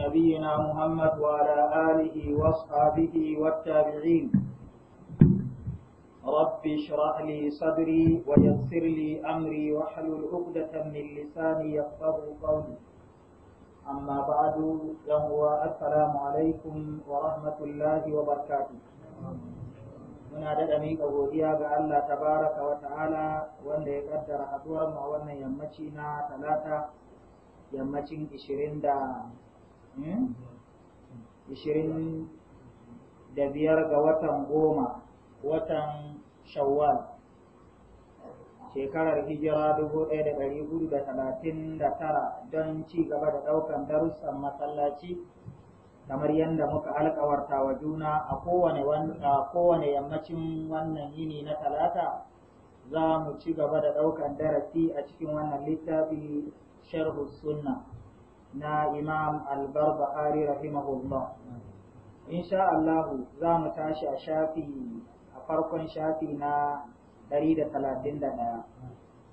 نبينا محمد وعلى آله وأصحابه والتابعين رب اشرح لي صدري ويسر لي أمري واحلل عقدة من لساني يفقه قولي أما بعد فهو السلام عليكم ورحمة الله وبركاته من عدد أميك أبوديا ga Allah tabaraka wa ta'ala wanda ya وأن يمشينا ثلاثة a إشرين yammaci 25 biyar ga watan goma watan shawwal shekarar hijira dubu ɗaya da ɗari don ci gaba da ɗaukan darussan masallaci kamar yadda muka alkawarta wa juna a kowane yammacin wannan yini na talata za mu ci gaba da ɗaukan darasi a cikin wannan littafi sharhu sunna na imam albarbahari rahimahullah insha Allahu za mu tashi a shafi a farkon shafi na 131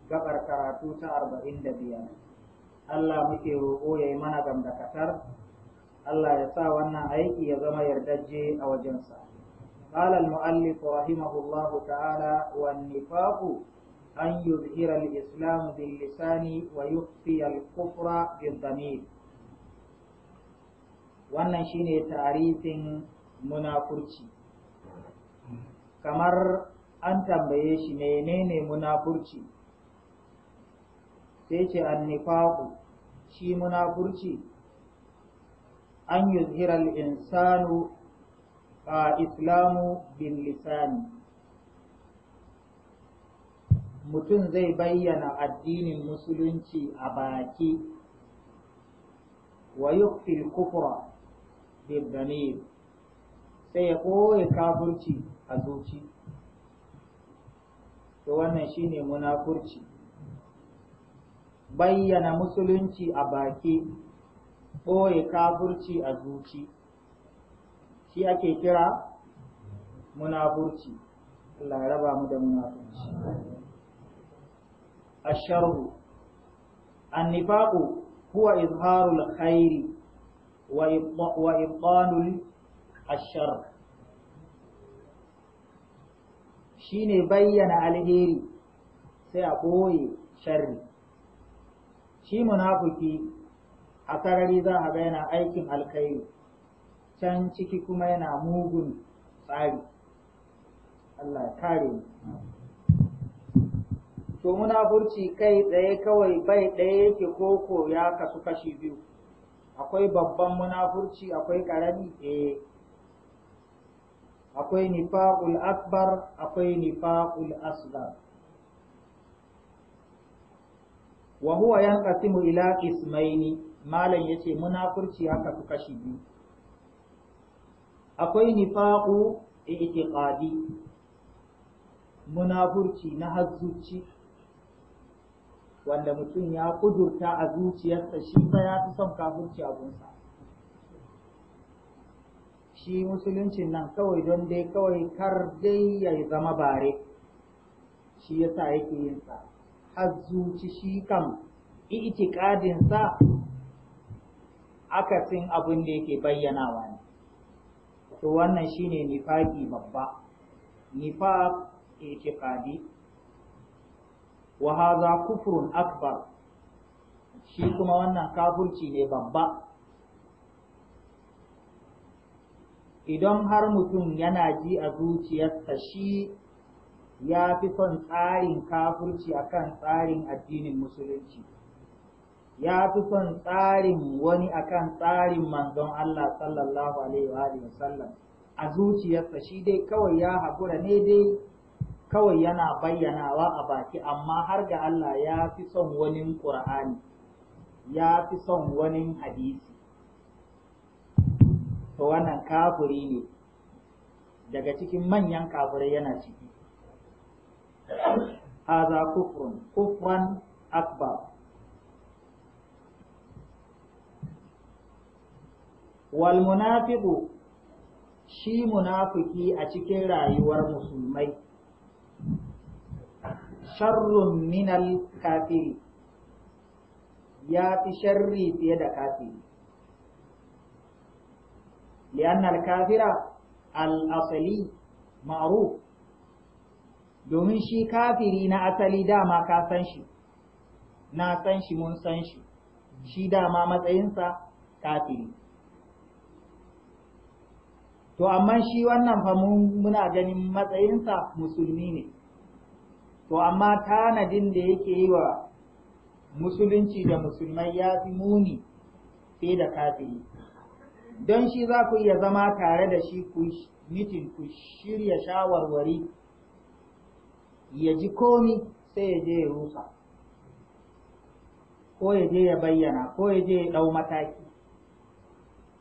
gabar karatu ta 45 Allah muke roƙo ya yi mana gamdakatar Allah ya sa wannan aiki ya zama yardajje a wajensa قال المؤلف رحمه wa تعالى والنفاق أن يظهر الإسلام باللسان ويخفي الكفر بالضمير wannan shine tarifin munafurci kamar an tambaye shi menene munafurci sai ce annifaku shi munafurci an yuzhira al-insanu islamu bil lisani mutum zai bayyana addinin musulunci a baki wa yukfi kufra damir sai ya ɓoye kafurci a zuci to wannan shine munafurci bayyana musulunci a baki ɓoye kafurci a zuci shi ake kira munafurci Allah ya raba mu da munafurci الشر النفاق هو إظهار الخير وإبطان الشر shine bayyana alheri sai a ɓoye sharri shi munafuki a sarari za a ga yana aikin alkhairi can ciki kuma yana mugun tsari Allah ya kare mu to munafurci kai tsaye kawai bai ɗaya yake koko ya kasu kashi biyu akwai babban munafurci akwai ƙarami eh akwai nifaqul akbar akwai nifaqul asghar wa huwa yanqasimu ila qismaini malam yace munafurci haka su kashi biyu akwai nifaqu i'tiqadi munafurci na hazzuci wanda mutum ya kudurta a zuciyarsa shi ba ya fi son kafirci abunsa shi musuluncin nan kawai don dai kawai kar dai ya zama bare shi ya sa yake yinsa. sa har zuci shi kam itikadinsa aka akasin abin da yake bayyanawa ne to wannan shine nifaki babba nifaq itikadi wa haza kufrun akbar shi kuma wannan kafurci ne babba idan har mutum yana ji a zuciyarsa shi ya fi son tsarin kafurci akan tsarin addinin musulunci ya fi son tsarin wani akan tsarin manzon Allah sallallahu alaihi wa sallam a zuciyarsa shi dai kawai ya haƙura ne dai kawai yana bayyanawa a baki amma har ga Allah ya fi son wani Qur'ani ya fi son wani hadisi to wannan kafiri ne daga cikin manyan kafirai yana ciki haza kufrun kufran akbar wal munafiqu shi munafiki a cikin rayuwar musulmai sharrun minal kafiri ya fi sharri fiye da kafiri li'an al-kafira al-asali ma'ruf domin shi kafiri na asali dama ka san shi na san shi mun san shi shi dama matsayinsa kafiri to amma shi wannan fa muna ganin matsayinsa musulmi ne to amma tanadin da yake yi wa musulunci da musulmai ya fi muni sai da kafiri don shi za ku iya zama tare da shi ku mitin ku shirya shawarwari ya ji komi sai ya je ya rusa ko ya je ya bayyana ko ya je ya ɗau mataki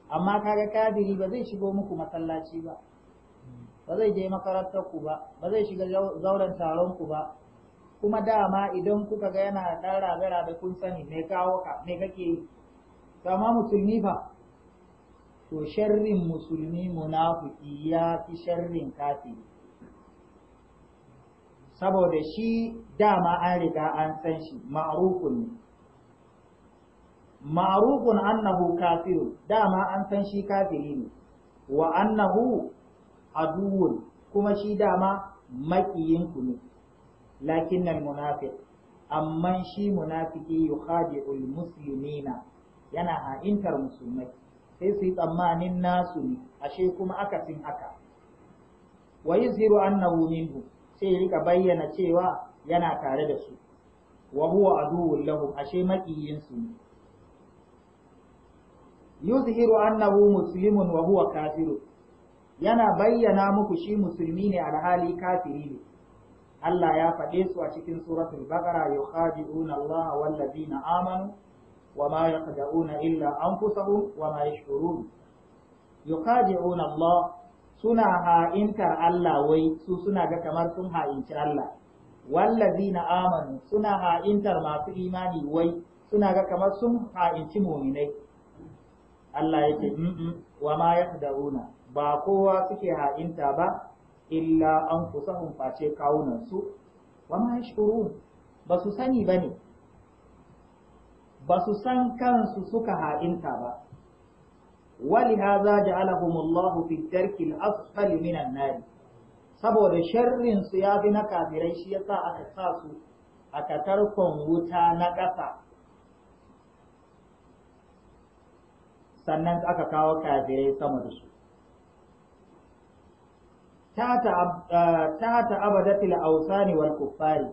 amma kaga kafiri ba zai shigo muku masallaci ba ba zai je makarantar ku ba ba zai shiga zauren taron ku ba kuma dama idan kuka ga yana ɗan rabe rabe kun sani me kawo ka me kake yi musulmi fa to sharrin musulmi munafiki ya fi sharrin kafiri saboda shi dama an riga an san shi ma'rufun ne ma'rufun annahu kafiru dama an san shi kafiri ne wa annahu aduwun kuma shi dama maƙiyinku ne lakin al-munafiq amma shi munafiki yukhadi'ul muslimina yana ha'intar musulmai sai su yi tsammanin nasu ne ashe kuma aka akasin haka wa yuzhiru annahu minhu sai ya rika bayyana cewa yana tare da su wa huwa aduwwul lahum ashe maƙiyin su ne yuzhiru annahu muslimun wa huwa kafirun yana bayyana muku shi musulmi ne alhali kafiri ne Allah ya faɗe su a cikin suratul baqara yukhadi'una Allah wal ladina amanu wama yaqda'una illa anfusahum wama yashurun yukhadi'una Allah suna ha'intar Allah wai su suna ga kamar sun ha'inci Allah wallazina amanu suna ha'intar masu imani wai suna ga kamar sun ha'inci muminai Allah ya ce wa ma yaqdauna ba kowa suke ha'inta ba illa an fusahun face kawunansu wa ma yashkurun ba su sani ba ne ba su san kansu suka ha'inta ba ولهذا جعلهم الله في الدرك الأسفل من النار saboda sharrin ya fi na kafirai shi yasa aka sa su a katarkon wuta na ƙasa sannan aka kawo kafirai sama da su tahta abadatil ausani wal kuffari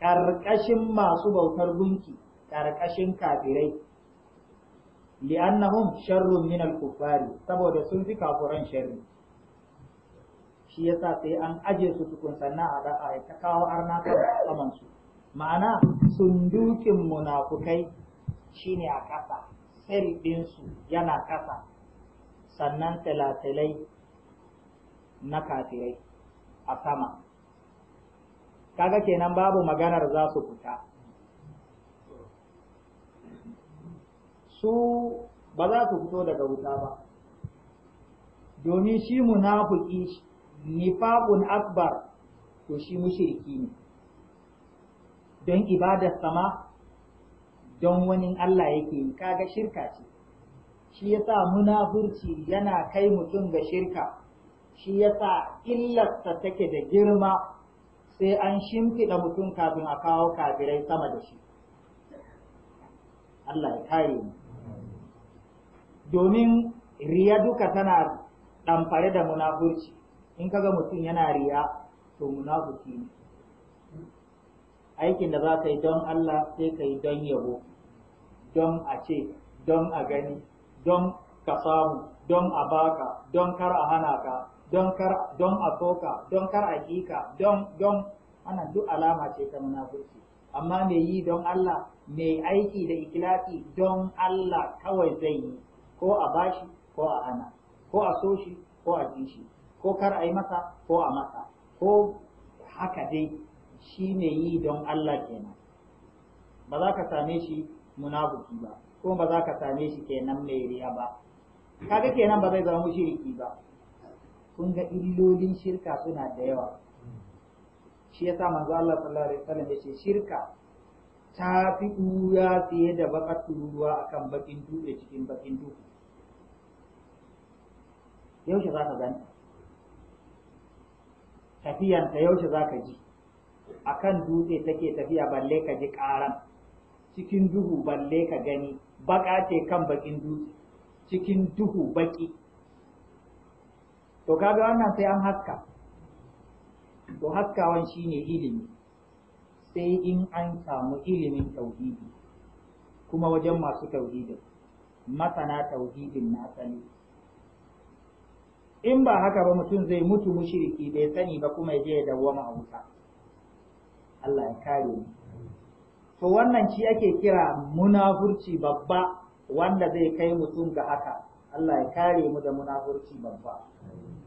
ƙarƙashin masu bautar gunki ƙarƙashin kafirai li'annahum sharrun min al-kuffari saboda sun fi kafuran sharri shi yasa sai an aje su tukun sannan a da'a ta kawo arna kan saman su ma'ana sundukin munafukai shine a ƙasa sel ɗinsu yana ƙasa sannan talatalai na kafirai a sama kaga kenan babu maganar za su fita su ba za su fito daga wuta ba domin shi munafiki nifaqun akbar to shi mushriki ne don ibadar sama don wani Allah yake yi kaga shirka ce shi ya sa munafurci yana kai mutum ga shirka shi yasa illarsa take da girma sai an shimfiɗa mutum kafin a kawo kafirai sama da shi Allah ya kare mu domin riya duka tana ɗamfare da munafurci in kaga mutum yana riya to munafurci ne aikin da za ka yi don Allah sai ka yi don yabo don a ce don a gani don ka samu don a baka don kar a hana ka don kar don a don kar a kika don don ana duk alama ce ta munafurci amma me yi don Allah me aiki da ikilafi don Allah kawai zai yi ko a bashi ko a ana, ko a so shi ko a shi ko kar a yi masa ko a masa ko haka dai shi ne yi don Allah kenan ba za ka same shi munafuki ba ko ba za ka same shi kenan mai riya ba kaga kenan ba zai zama mushriki ba kun ga illolin shirka suna da yawa shi yasa manzo Allah sallallahu alaihi wasallam yace shirka ta fi ɗura fiye da bakar tururuwa akan bakin dutse cikin bakin dutse yaushe za ka gani tafiyanta yaushe za ka ji akan dutse take tafiya balle ka ji ƙaran cikin duhu balle ka gani baka ce kan bakin dutse cikin duhu baki to kaga wannan sai an haska to haskawan shine ilimi sai in an samu ilimin tauhidi kuma wajen masu tauhidi masana tauhidin na sani. in ba haka ba mutum zai mutu mushriki bai sani ba kuma ya je ya dawwama a wuta Allah ya kare mu to wannan shi ake kira munafurci babba wanda zai kai mutum ga haka Allah ya kare mu da munafurci babba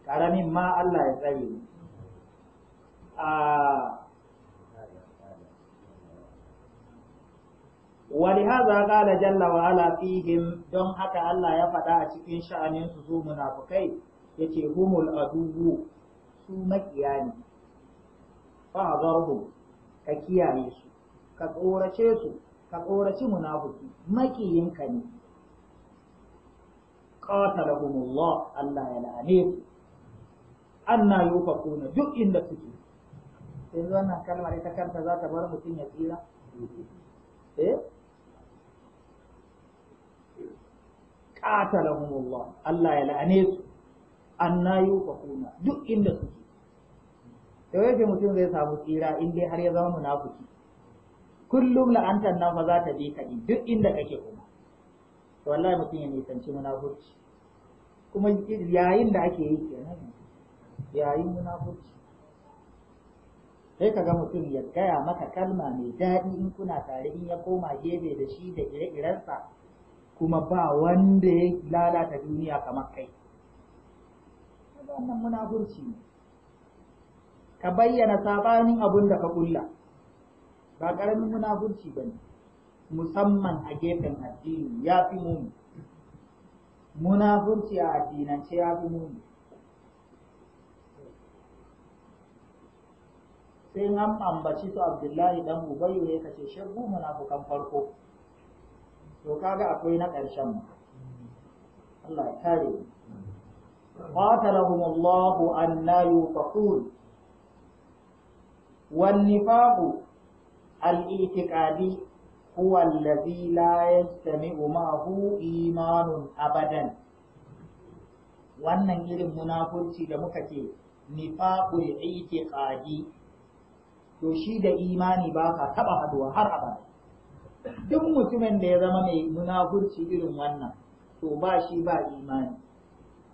ƙaramin ma Allah ya tsare mu ولهذا قال Jalla wahala فيهم don haka Allah ya faɗa a cikin sha'anin su zo munafukai yace humul adubu su makiya ne fa'azarhum ka kiyaye su ka tsorace su ka tsoraci munafiki makiyinka ne qatalahumullah Allah ya lalace. anna yufakuna duk inda suke yanzu wannan kalmar ita kanta za ta bar mutum ya tsira eh qatalahumullah Allah ya la'ane su anna yufakuna duk inda suke da yake mutum zai samu tsira in dai har ya zama munafiki kullum la'antar nan fa za ta bi ka duk inda kake kuma to wallahi mutum ya nisanci munafurci kuma yayin da ake yi kenan yayin munafurci sai ka ga mutum ya gaya maka kalma mai daɗi in kuna tare in ya koma gefe da shi da ire-irensa kuma ba wanda ya lalata duniya kamar kai wannan munafurci ne ka bayyana sabanin abun da ka kulla ba ƙaramin munafurci ba ne musamman a gefen addini ya fi muni munafurci a addinance ya fi muni sai an ambaci su abdullahi dan Ubayu ne kace shaggu munafukan farko to kaga akwai na ƙarshen Allah ya kare qatalahum Allah anna yufakun wan nifaqu al-i'tiqadi huwa alladhi la yastami'u ma'ahu imanun abadan wannan irin munafurci da muka ce nifaqul i'tiqadi to shi da imani ba ka taɓa haduwa har abada duk mutumin da ya zama mai munafurci irin wannan to ba shi ba imani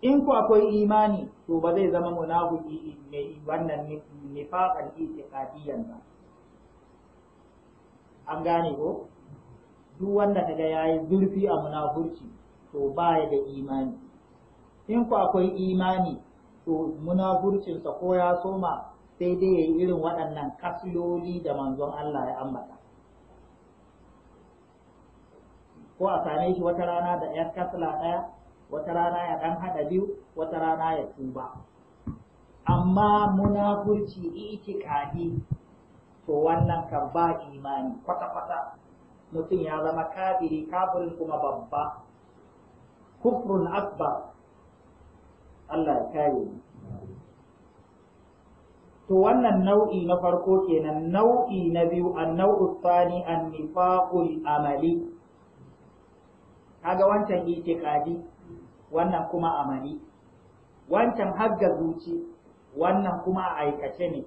in ku akwai imani to ba zai zama munafiki mai wannan nifaqan itiqadiyan ba an gane ko duk wanda kaga yayi zurfi a munafurci to ba ya da imani in ku akwai imani to munafurcinsa ko ya soma sai dai ya yi irin waɗannan kasloli da manzon Allah ya ambata ko a same shi wata rana da ‘yar kasla ɗaya wata rana ya ɗan haɗa biyu wata rana ya tuba amma munafurci itikadi to wannan kan ba imani kwata-kwata mutum ya zama kafiri kafirin kuma babba kufrun akbar Allah ya kare mu to wannan nau'i na farko kenan nau'i na biyu annau'u tsani nifaqul amali kaga wancan itiqadi wannan kuma amali wancan hagga zuci wannan kuma a aikace ne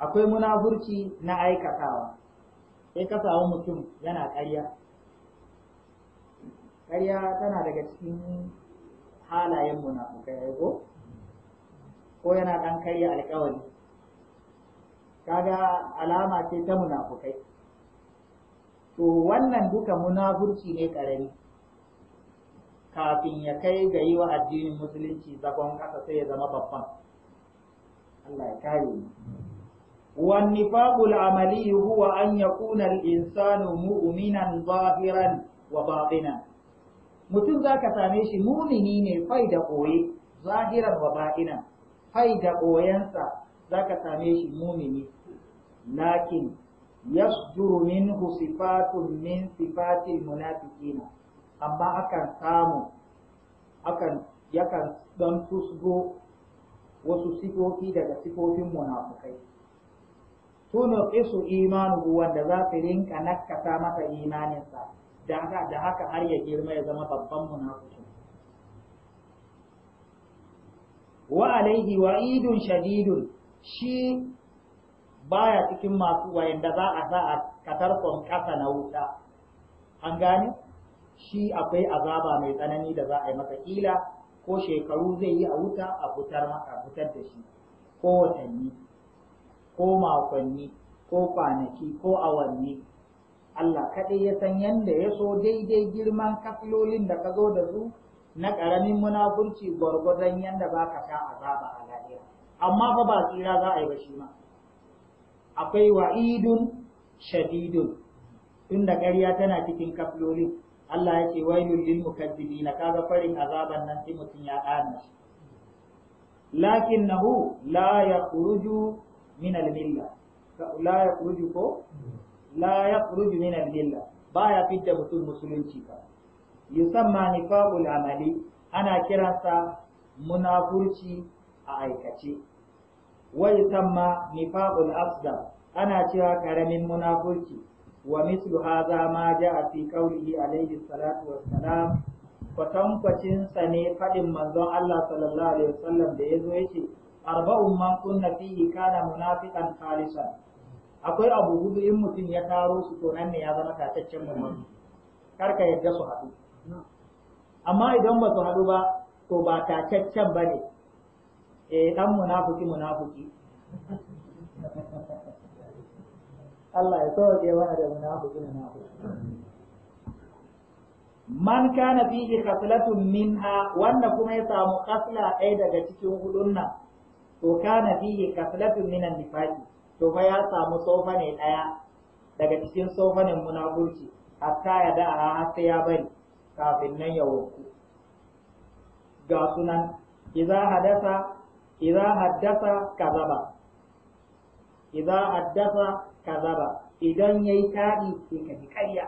akwai munafurci na aikatawa sai ka samu mutum yana ƙarya ƙarya tana daga cikin halayen munafukai ko ko yana ɗan kai alkawari kaga alama ce ta munafukai to wannan duka munafurci ne ƙarami kafin ya kai ga yi wa addinin musulunci zagon ƙasa sai ya zama babban Allah ya kare mu والنفاق العملي هو أن يكون الإنسان مؤمنا ظاهرا وباطنا mutum za ka same shi mumini ne fai da koye zahiran wa fai da ɓoyensa za ka same shi mumini lakin yasduru min sifatun min sifatil munafiqina amma akan samu akan yakan dan tusgo wasu sifofi daga sifofin munafukai tunu isu imanuhu wanda za ka rinka nakkata masa imaninsa da haka har ya girma ya zama babban munafiki wa alaihi Idun, shadidun shi baya cikin masu wayanda za a sa a kasar kasa na wuta an gane shi akwai azaba mai tsanani da za a yi masa kila ko shekaru zai yi a wuta a fitar a fitar da shi ko watanni ko makonni ko kwanaki ko awanni Allah kaɗai ya san yadda ya so daidai girman kafilolin da ka zo da su na ƙaramin munafurci gwargwadon yadda ba ka sha azaba a lahira amma fa ba tsira za a yi ba shi ma akwai wa'idun shadidun tunda ƙarya tana cikin kaflolin Allah ya ce wailul lil mukazzibin kaga farin azaban nan sai mutum ya dana shi lakinnahu la yakhruju min al milla la yakhruju ko la yakhruju min al milla baya fidda mutum musulunci ba yusamma nifaqul amali ana kiransa munafurci a aikace wa yusamma nifaqul asghar ana cewa karamin munafurci wa mithlu hadha ma jaa fi qawlihi alayhi salatu wassalam kwatankwacin sa ne faɗin manzon Allah sallallahu alaihi wasallam da yazo yace arba'un man kunna fihi kana munafiqan khalisan akwai abu hudu in mutum ya taro su to nan ne ya zama tataccen mummuni kar ka yadda su haɗu amma idan ba su haɗu ba to ba tataccen ba ne eh ɗan munafuki munafuki Allah ya sauke mana da munafuki munafuki man kana fihi khaslatun minha wanda kuma ya samu khasla ɗaya daga cikin hudun nan to kana fihi khaslatun minan nifaqi to fa ya samu tsofa ne ɗaya daga cikin tsofanin munafurci hatta ya da'a a sai ya bari kafin nan ya warku. ga sunan idza hadasa idza haddasa kazaba idza haddasa kazaba idan yayi kadi sai ka ji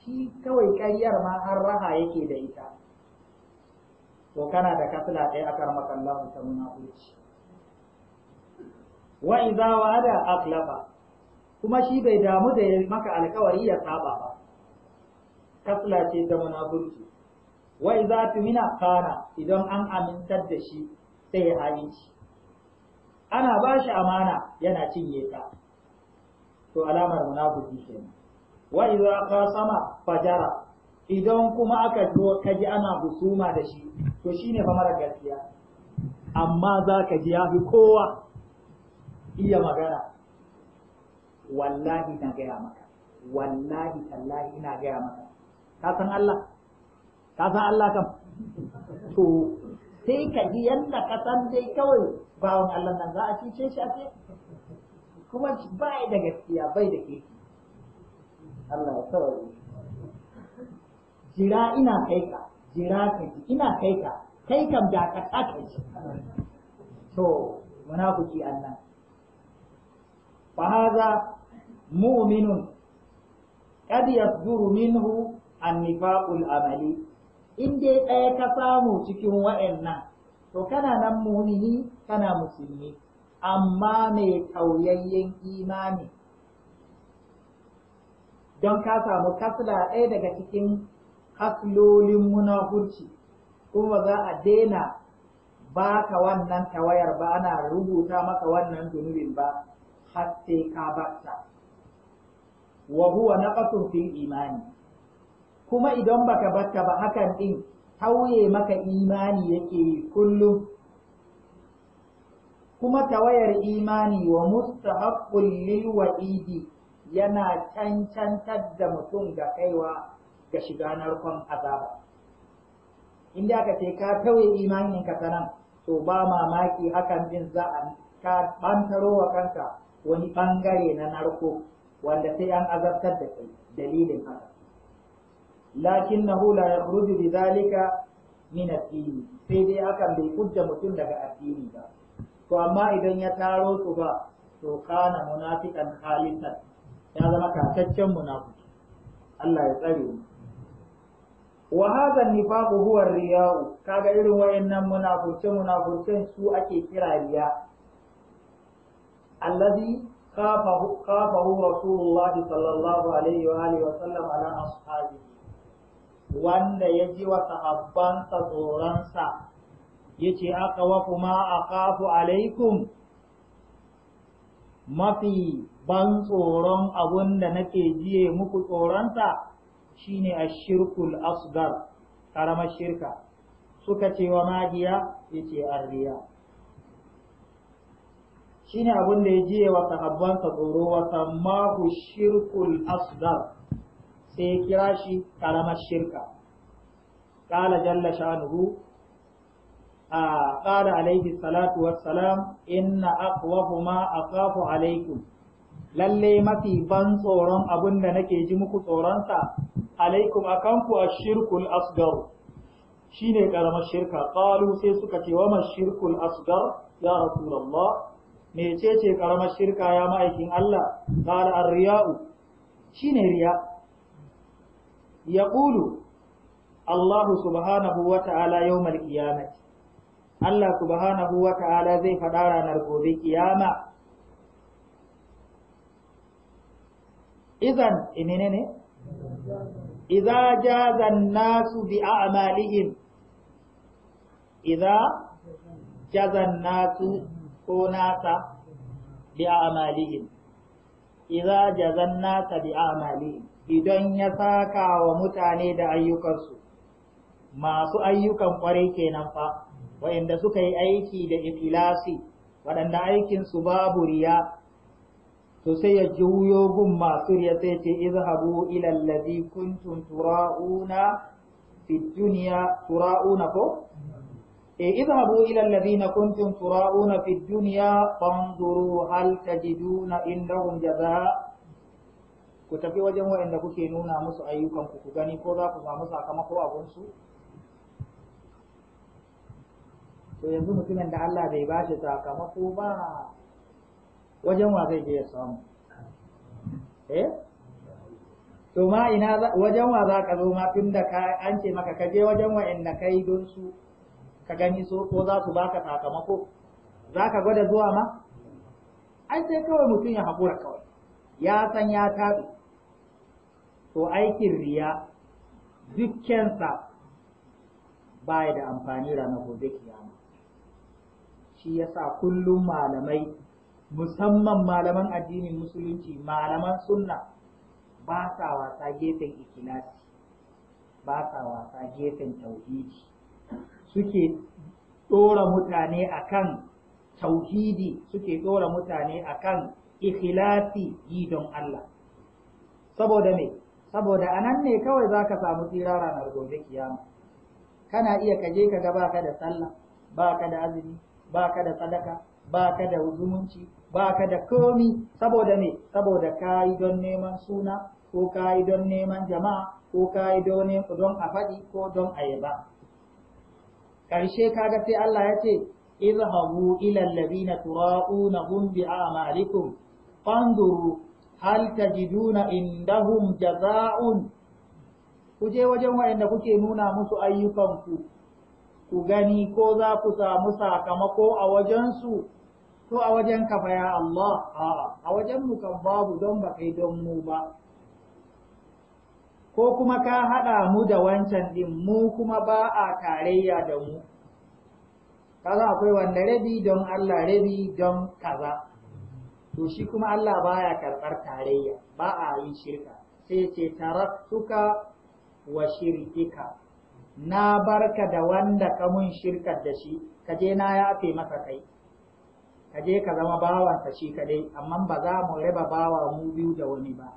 shi kawai karyar ma har raha yake da ita to kana da kasla ɗaya akar makallahu ta munafurci wa idza wa'ada aqlafa kuma shi bai damu da maka alkawari ya saba ba kasla ce ta munafurci wa idza tumina kana idan an amintar da shi sai ya halinci ana ba shi amana yana cinye ta to alamar munafiki kenan wa idza qasama fajara idan kuma aka zo kaji ana husuma da shi to shine fa mara gaskiya amma za ka ji ya kowa iya magana wallahi na gaya maka wallahi tallahi ina gaya maka ka san Allah ka san Allah kam to sai ka ji yanda ka san dai kawai bawan Allah nan za a cice shi a ce kuma bai da gaskiya bai da kirki Allah ya saurare jira ina kai ka jira ka ji ina kai ka kai kam da ka tsaka shi to munafiki Allah fa hadha mu'minun qad yasduru minhu annifaqul amali in dai ɗaya ka samu cikin wa'annan to kana nan mumini kana musulmi amma mai tauyayyen imani don ka samu kasla ɗaya daga cikin kaslolin munafurci kuma za a daina ka wannan tawayar ba ana rubuta maka wannan zunubin ba har sai ka bata wa huwa naqasun fil imani kuma idan baka barka ba hakan din tauye maka imani yake kullum kuma tawayar imani wa mustahaqqul lil wa'idi yana cancantar da mutum ga kaiwa ga shiga narkon azaba inda aka ce ka tauye imanin ka sanan to ba mamaki hakan din za a ka bantaro wa kanka wani bangare na narko wanda sai an azabtar da kai dalilin haka Lakin na hula lakinnahu la yakhruju bidhalika min addini sai dai akan bai kudda mutum daga addini ba to amma idan ya taro su ba to kana munafiqan khalisan ya zama kataccen munafiki Allah ya tsare mu wa hadha nifaqu huwa riya'u kaga irin wayannan munafurce munafurcen su ake kira riya allazi khafahu khafahu rasulullahi sallallahu alaihi wa alihi wa sallam ala ashabihi wanda ya ji wa sahabbansa tsoronsa ya ce aka wa kuma a kafu alaikum mafi ban tsoron abun da nake jiye muku tsoronsa shine a shirkul asgar karamar shirka suka ce wa magiya ya ce arriya shine abun da ya jiye wa sahabbansa tsoro wa sammahu shirkul asgar sai ya kira shi karamar shirka qala jalla shanuhu a qala alaihi salatu wassalam inna a kafu alaikum lalle mafi ban tsoron abin da nake ji muku tsoronsa alaikum akanku shirkul asgar ne ƙaramar shirka qalu sai suka ce wa shirkul asgar ya rasulullah mecece ƙaramar shirka ya ma'aikin Allah qala ar-riya'u ne riya' yaqulu Allah subhanahu wa ta'ala yawmal qiyamah Allah subhanahu wa ta'ala zai faɗa ranar gobe kiyama idan inene ne idza jaza nasu bi a'malihim idza ko idan ya saka wa mutane da ayyukansu masu ayyukan kwarai kenan fa waɗanda suka yi aiki da ikilasi waɗanda aikinsu babu riya to sai ya juyo gun masu riya sai ce izhabu ila allazi kuntum tura'una fi dunya tura'una ko e izhabu ila allazina kuntum tura'una fi dunya fanzuru hal tajiduna indahum jazaa ku tafi wajen waɗanda kuke nuna musu ayyukanku ku gani ko za ku samu sakamako a gunsu to yanzu mutumin da Allah bai ba shi sakamako ba wajen wa zai je ya samu eh to ma ina wajen wa za ka zo ma tun da ka an ce maka ka je wajen waɗanda kai don su ka gani so ko za su baka sakamako za ka gwada zuwa ma ai sai kawai mutum ya haƙura kawai ya san ya tabi to aikin riya dukkensa baya da amfani ranar gobe kiyama shi yasa kullum malamai musamman malaman addinin musulunci malaman sunna ba sa wasa gefen ikilasi ba sa wasa gefen tauhidi suke ɗora mutane akan tauhidi suke ɗora mutane akan ikhlasi yi don Allah saboda me saboda anan ne kawai za ka samu tsira ranar gobe kiyama kana iya ka je ka ga baka da sallah baka da azumi baka da sadaka baka da zumunci baka da komi saboda me saboda kayi don neman suna ko yi don neman jama'a ko yi don a faɗi ko don ayaba ƙarshe kaga sai Allah ya ce izhabu ila alladhina na bi a'malikum fanduru hal tajiduna indahum jaza'un ku je wajen waɗanda kuke nuna musu ayyukanku ku gani ko za ku samu sakamako a wajensu to a wajen ka ya Allah a wajen mu kan babu don ba kai don mu ba ko kuma ka haɗa mu da wancan ɗin mu kuma ba a tarayya da mu kaza akwai wanda rabi don Allah rabi don kaza to shi kuma Allah baya karɓar tarayya ba a yin shirka sai ce taraktuka wa shirkika na barka da wanda ka mun shirka da shi ka je na yafe masa kai ka je ka zama bawansa shi kadai amma ba za mu raba bawa mu biyu da wani ba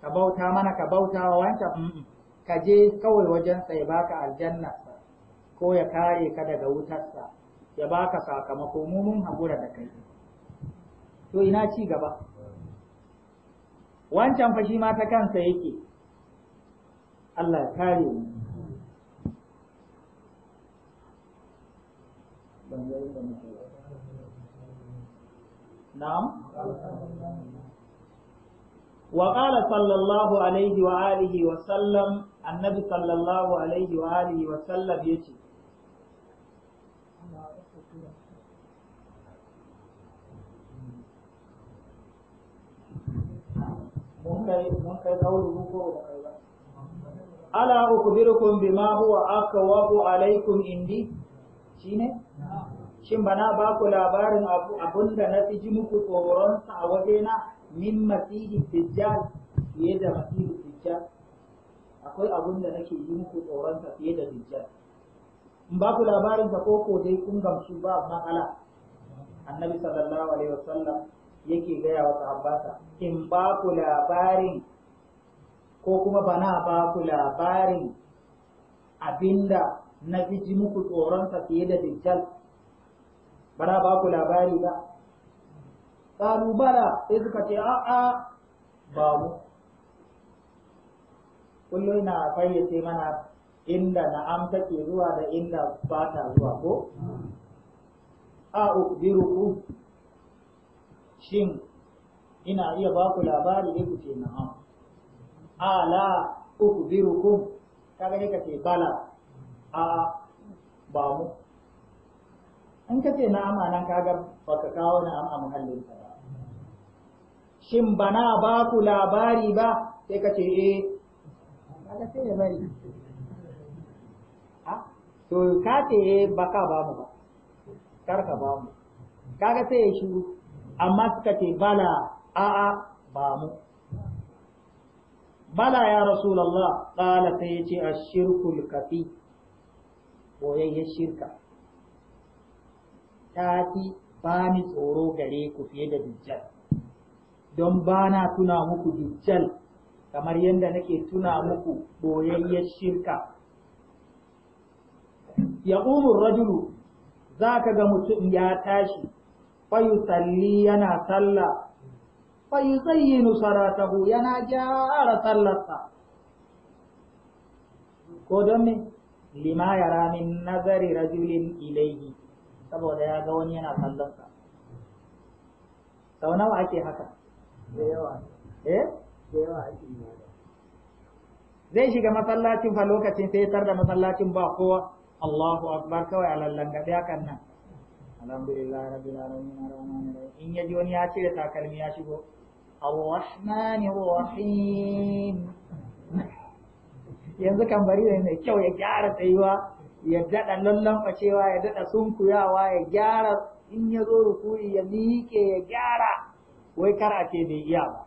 ka bauta mana ka bauta wa wancan ka je kawai wajen ya baka aljannarsa ko ya kare ka daga wutarsa ya baka sakamako mu mun haƙura da kai to ina ci gaba wancan fa shi ma ta kansa yake Allah ya kare mu na'am wa qala sallallahu alaihi wa alihi wa sallam annabi sallallahu alaihi wa alihi wa sallam yace ala ukhbirukum bima huwa alaikum indi shine shin bana ba ku labarin abunda na fi ji muku tsoron sa a wajena min masihi dajjal fiye da masihi dajjal akwai abunda nake ji muku tsoron sa fiye da dajjal in ba ku labarin sa ko ko dai kun gamsu ba matsala annabi sallallahu alaihi wasallam yake gaya wa sahabbansa in ba ku labarin ko kuma bana ba ku labarin abinda na fi ji muku tsoronsa fiye da dajjal bana ba ku labari ba ƙalu bala sai suka ce a'a ba mu kullum na fayyace mana inda na amsa ke zuwa da inda ba ta zuwa ko a ukbiruku shin ina iya ba ku labari ne ku ce ha ala ku kaga ne ka ce bala a ba mu in ka ce amma nan kaga baka kawo na a muhallin ka shin bana ba ku labari ba sai ka ce eh kaga sai ya bari ha to ka ce eh, baka ba mu ba kar ka ba mu kaga sai ya shiru amma suka ce bala a'a ba mu bala ya rasulallah ƙala sai yace shirkul kafi boyayyen shirka ta fi ba ni tsoro gare ku fiye da dijjal don ba na tuna muku dijjal kamar yadda nake tuna muku ya shirka ya umar rajulu za ka ga mutum ya tashi fayusalli yana sallah fayuzayyinu salatahu yana gyara sallarsa ko don me lima yara min nazari rajulin ilaihi saboda ya ga wani yana sallarsa sau nawa ake haka da yawa eh da yawa ake zai shiga masallacin fa lokacin sai tar da masallacin ba kowa Allahu akbar kawai a lallaga kan nan alhamdulillah rabbil alamin arrahman arrahim in yaji wani ya ce cire takalmi ya shigo arrahman arrahim yanzu kan bari ne mai kyau ya gyara tsayuwa ya daɗa lallanfa cewa ya daɗa sunkuyawa ya gyara in ya zo rukuri ya miƙe ya gyara wai kar a ce bai iya ba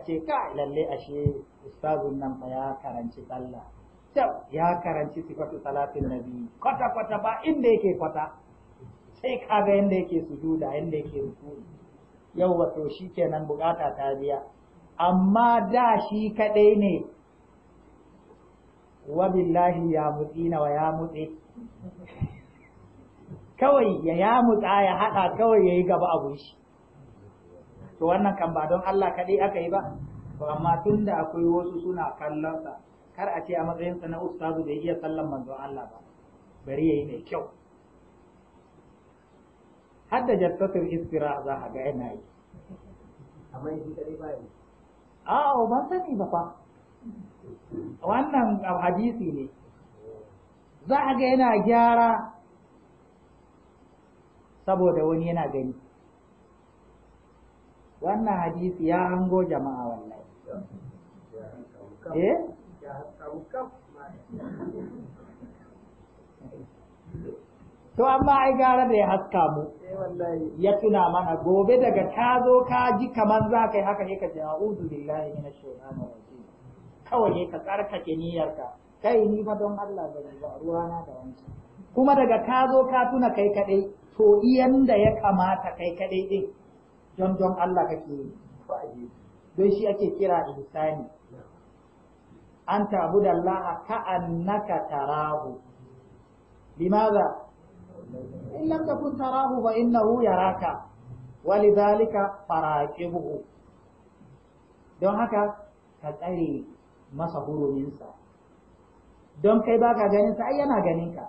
a ce ka lalle ashe ustazun nan fa ya karanci sallah kyau ya karanci sifatu salatin nabi kwata kwata ba inda yake kwata sai kaga yanda yake sujuda yanda yake ruku yau to shikenan bukata ta biya amma da shi kadai ne wa billahi ya mutsina wa ya mutse kawai ya ya mutsa ya hada kawai yayi gaba abu shi to wannan kan ba don Allah kadai aka yi ba to amma tunda akwai wasu suna kallon sa kar a ce a matsayinsa na ustazu bai iya sallan manzon Allah ba bari yayi mai kyau hatta jattatul istira za a ga yana yi amma shi kadai ba yi a'a ban sani ba fa wannan hadisi ne za a ga yana gyara saboda wani yana gani wannan hadisi ya hango jama'a wallahi eh To amma ai gara da ya haska mu ya tuna mana gobe daga ta zo ka ji kamar za ka yi haka ne ka ji a'udhu billahi minash shaitanir rajim kawai ne ka tsarkake niyyarka kai ni fa don Allah da ba ruwana da wancan kuma daga ka zo ka tuna kai kadai to iyan da ya kamata kai kadai din don don Allah kake yi don shi ake kira ihsani an tabu da Allah ka annaka tarahu Limaga in lam takun tarahu fa innahu yaraka walidhalika faraqibuhu don haka ka tsare masa huruminsa don kai baka ganin sa ai yana ganin ka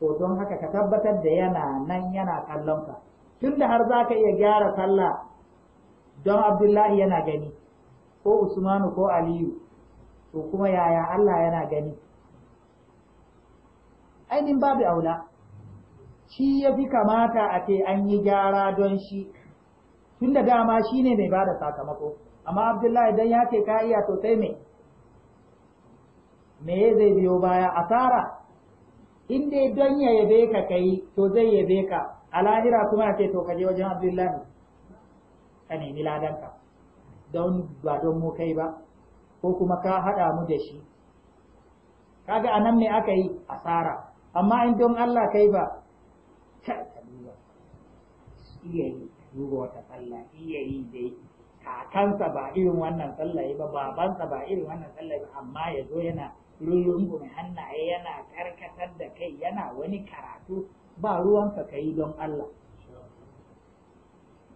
to don haka ka tabbatar da yana nan yana kallon ka tunda har zaka iya gyara sallah don Abdullahi yana gani ko Usmanu ko Aliyu to kuma yaya Allah yana gani ainihin babu aula shi ya fi kamata a ce an yi gyara don shi tun da dama shi ne mai ba da sakamako amma abdullahi don ya ce ka iya sosai mai. me zai biyo baya asara in dai don ya yabe ka kai to zai yabe ka a lahira kuma ya ce to kaje wajen abdullahi ka nemi ladanka don ba don mu kai ba ko kuma ka haɗa mu da shi kaga anan me aka yi asara amma in don Allah kai ba ka duba iya yi duba wata sallah iya yi dai kakansa ba irin wannan sallah ba babansa ba irin wannan sallah ba amma yazo yana rurrungu mai hannaye yana karkatar da kai yana wani karatu ba ruwansa ka yi don Allah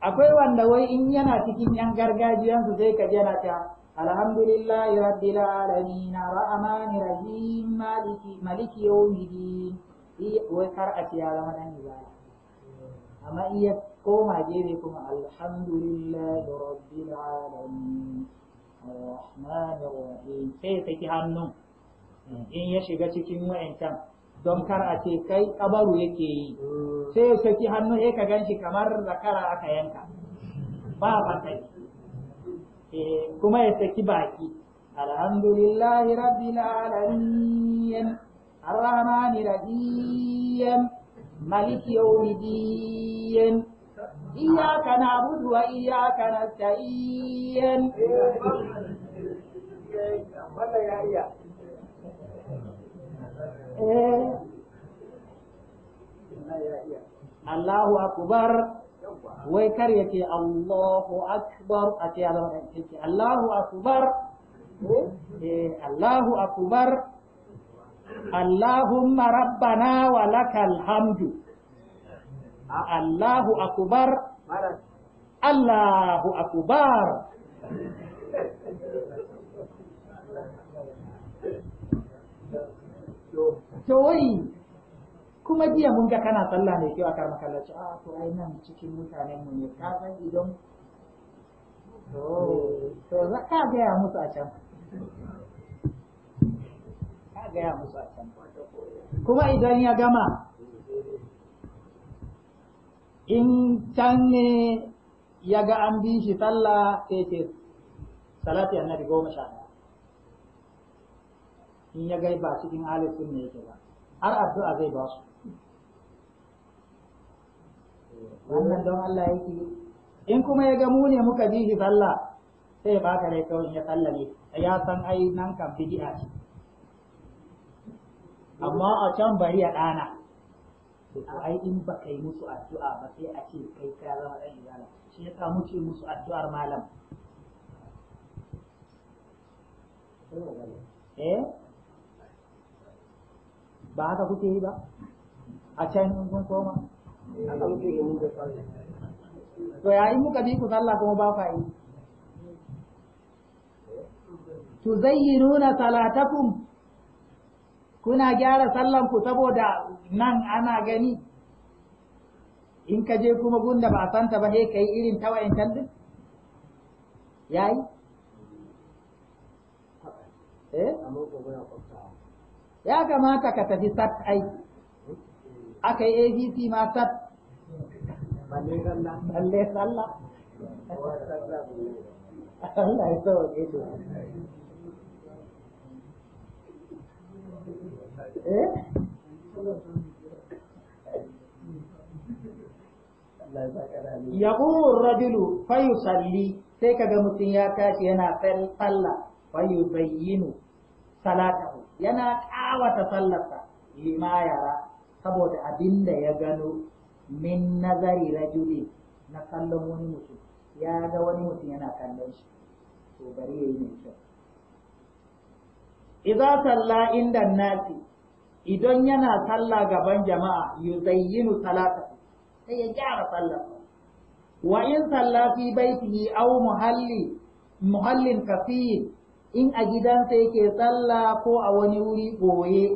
akwai wanda wai in yana cikin yan gargajiyansu sai ka yana ta الحمد لله رب العالمين الرحمن الرحيم مالك مالك يوم الدين وكر أتي على من أنزل أما إيه كوما جيبكم الحمد لله رب العالمين الرحمن الرحيم sai saki hannu in ya shiga cikin wa'ancan don kar a ce kai kabaru yake yi sai ya saki hannu sai ka ganshi kamar zakara aka yanka ba ba sai kuma ya saki baki alhamdulillah rabbil alamin arrahmani rahim malik yawmiddin iyyaka na'budu wa iyyaka nasta'in eh. Allahu akbar wai kar ya ce Allahu akbar a ce Allah ya ce Allahu akbar eh Allahu akbar Allahumma rabbana wa lakal hamdu Allahu akbar Allahu akbar to wai kuma jiya mun ga kana sallah mai kyau a kar makallaci a ah, to ai nan cikin mutanen mu ne ka san idan to za ka ya musu a can ka ya musu a can kuma idan ya gama in can ne ya ga an bi shi sallah sai ce salati annabi goma sha ɗaya in ya gai ba cikin alifin ne yake ba har addu'a zai ba su wannan don Allah yake in kuma ya ga mu ne muka bi shi sallah sai ba ka rai kawai ya sallame ya san ai nan kan bid'a ce amma a can bari ya dana to ai in ba kai musu addu'a ba sai a ce kai ka zama dan izala shi ya sa muke musu addu'ar malam eh ba haka kuke yi ba a can kun koma to yi muka bi ku sallah kuma ba fa yi nuna salatakum kuna gyara sallan ku saboda nan ana gani in ka je kuma gunda ba a santa ba sai kai irin tawayin tallin yayi eh ya kamata ka tafi sat ai aka yi abc ma sat balle sallah Allah ya to eh? sai kaga mutum ya tashi yana sallah fayubayyinu salatahu yana kawata sallarsa lima yara saboda da ya gano min nazari rajuli na kallon wani mutum ya ga wani mutum yana kallon shi to bari yayi mai kyau idza salla inda nasi idan yana salla gaban jama'a yuzayyinu salata sai ya gyara sallar. wa in salla fi baitihi aw muhalli muhallin kafiyin in a gidansa yake salla ko a wani wuri boye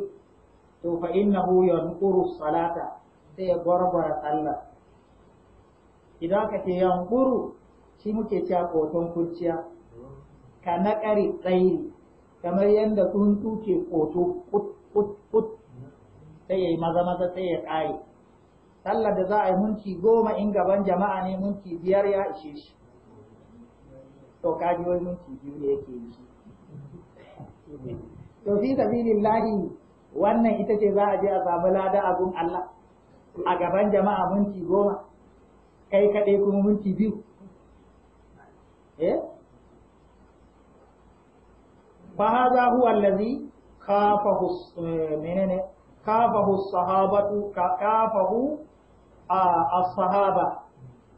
to fa innahu yanquru salata sai ya gwargwara sallah idan ka ce yankuru shi muke cewa koton kurciya ka naƙari tsayi, kamar yadda sun ke ƙoto kut sai ya yi maza maza sai ya ƙaye. sallar da za a yi munci goma in gaban jama'a ne munci biyar ya ishe shi to kaji wai munci biyu ne yake yi to fi sabilillahi wannan ita ce za a je a samu lada abun Allah a gaban jama'a minti goma kai kaɗai kuma minti biyu eh? fa haza huwa allazi kafahu eh, menene kafahu sahabatu kafahu as-sahaba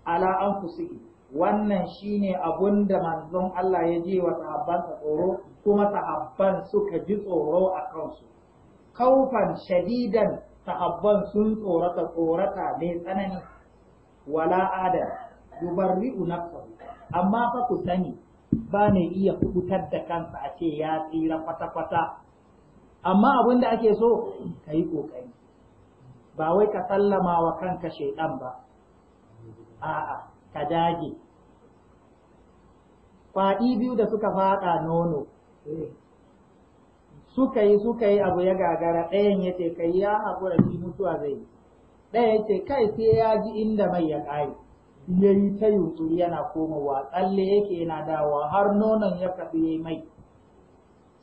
ala anfusihim wannan shine abun da manzon Allah ya je wa sahabbansa tsoro kuma sahabban suka ji tsoro a kansu kaufan shadidan sahabban sun tsorata tsorata mai tsanani wala adam yubarri'u nafsahu amma fa ku sani ba ne iya kubutar da kansa a ce ya tsira kwata-kwata amma abin da ake so ka yi ƙoƙari ba wai ka sallama wa kanka shaidan ba a'a ka dage kwaɗi biyu da suka faɗa nono suka yi suka yi abu ya gagara ɗayan ya ce kai ya haƙura shi mutuwa zai yi ɗaya ya ce kai sai ya ji inda mai ya ƙare ya yi ta yutsuri yana komowa tsalle yake yana dawa har nonon ya kaɗu ya mai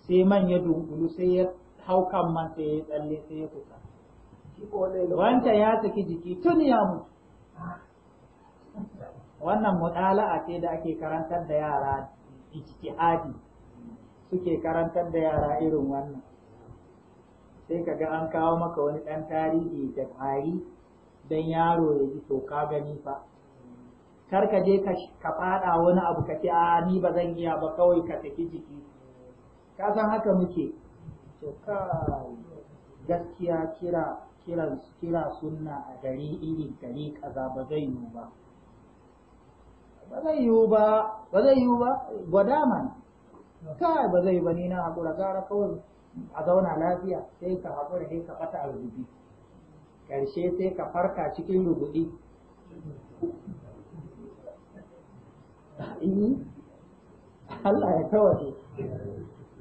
sai man ya dunkulu sai ya hau kan man sai ya tsalle sai ya kusa wanta ya saki jiki tun ya mutu wannan muɗala'a ce da ake karantar da yara ijtihadi suke karantar da yara irin wannan sai ka ga an kawo maka wani ɗan tarihi da ƙwari don yaro ya ji to ka gani fa kar ka je ka faɗa wani abu ka ce a ni ba zan iya ba kawai ka tafi jiki ka san haka muke to kai gaskiya kira kira kira sunna a gari irin gari kaza ba zai yiwu ba ba zai yiwu ba ba zai yiwu ba gwada mana kai ba zai bani na haƙura gara kawai a zauna lafiya sai ka haƙura sai ka fata a rubuɗi ƙarshe sai ka farka cikin rubuɗi eh? Allah ya kawace